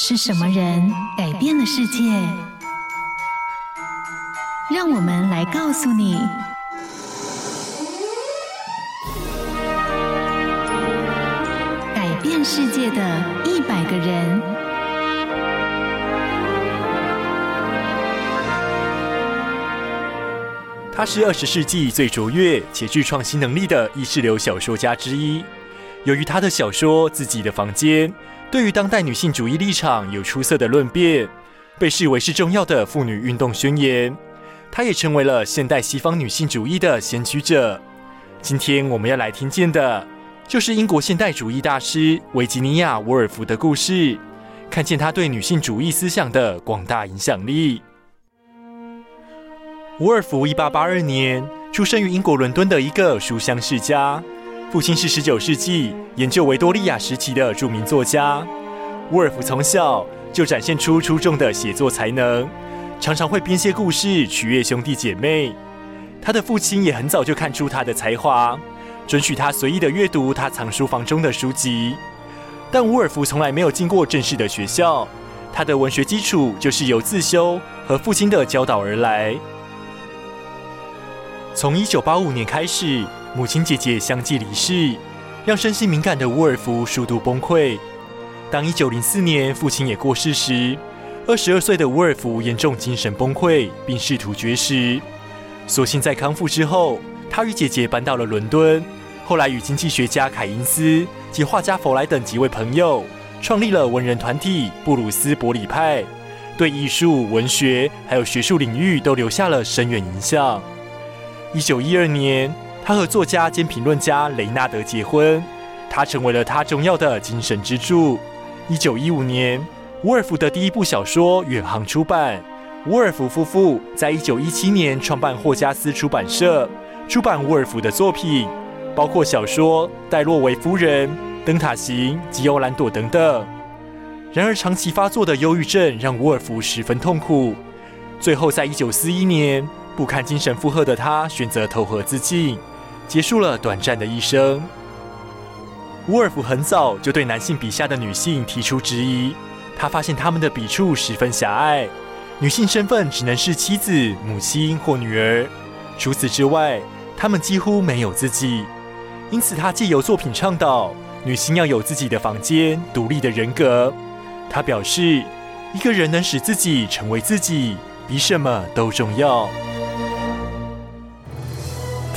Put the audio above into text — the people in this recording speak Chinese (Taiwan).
是什麼人改變了世界？讓我們來告訴你：改變世界的一百個人。她是二十世紀最卓越且具創新能力的意識流小說家之一。由於她的小說《自己的房間》，對於當代女性主義立場有出色的論辯，被視為是重要的婦女運動宣言。她也成為了現代西方女性主義的先驅者。今天我們要來聽見的，就是英國現代主義大師維吉尼亞·伍爾芙的故事，看見她對女性主義思想的廣大影響力。伍爾芙一八八二年出生於英國倫敦的一個書香世家。父親是十九世紀研究維多利亞時期的著名作家。吳爾芙從小就展現出出眾的寫作才能，常常會編寫故事取悅兄弟姐妹。他的父親也很早就看出他的才華，准許他隨意的閱讀他藏書房中的書籍。但吳爾芙從來沒有進過正式的學校，他的文學基礎就是由自修和父親的教導而來。從一九八五年開始。母親、姐姐相繼離世，讓身心敏感的吳爾芙數度崩潰。當一九零四年父親也過世時，二十二歲的吳爾芙嚴重精神崩潰，並試圖絕食。所幸在康復之後，她與姐姐搬到了倫敦。後來與經濟學家凱因斯及畫家弗萊等幾位朋友，創立了文人團體布魯斯伯里派，對藝術、文學還有學術領域都留下了深遠影響。一九一二年。他和作家兼評論家雷納德結婚，他成為了他重要的精神支柱。一九一五年，吳爾芙的第一部小說《遠航》出版。吳爾芙夫婦在一九一七年創辦霍加斯出版社，出版吳爾芙的作品，包括小說《戴洛維夫人》、《燈塔行》及《歐蘭朵》等等。然而，長期發作的憂鬱症讓吳爾芙十分痛苦，最後在一九四一年，不堪精神負荷的他選擇投河自盡。結束了短暫的一生。吳爾芙很早就對男性筆下的女性提出質疑，她發現他們的筆觸十分狹隘，女性身份只能是妻子、母親或女兒。除此之外，她們幾乎沒有自己。因此，她借由作品倡導女性要有自己的房間、獨立的人格。她表示，一個人能使自己成為自己，比什麼都重要。